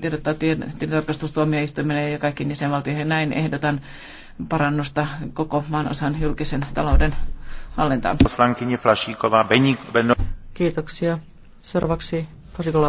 tiedottaa tilintarkastustuomioistuimelle ja kaikki jäsenvaltioihin. Näin ehdotan parannusta koko maanosan julkisen talouden hallintaan. Kiitoksia. Seuraavaksi Fasikola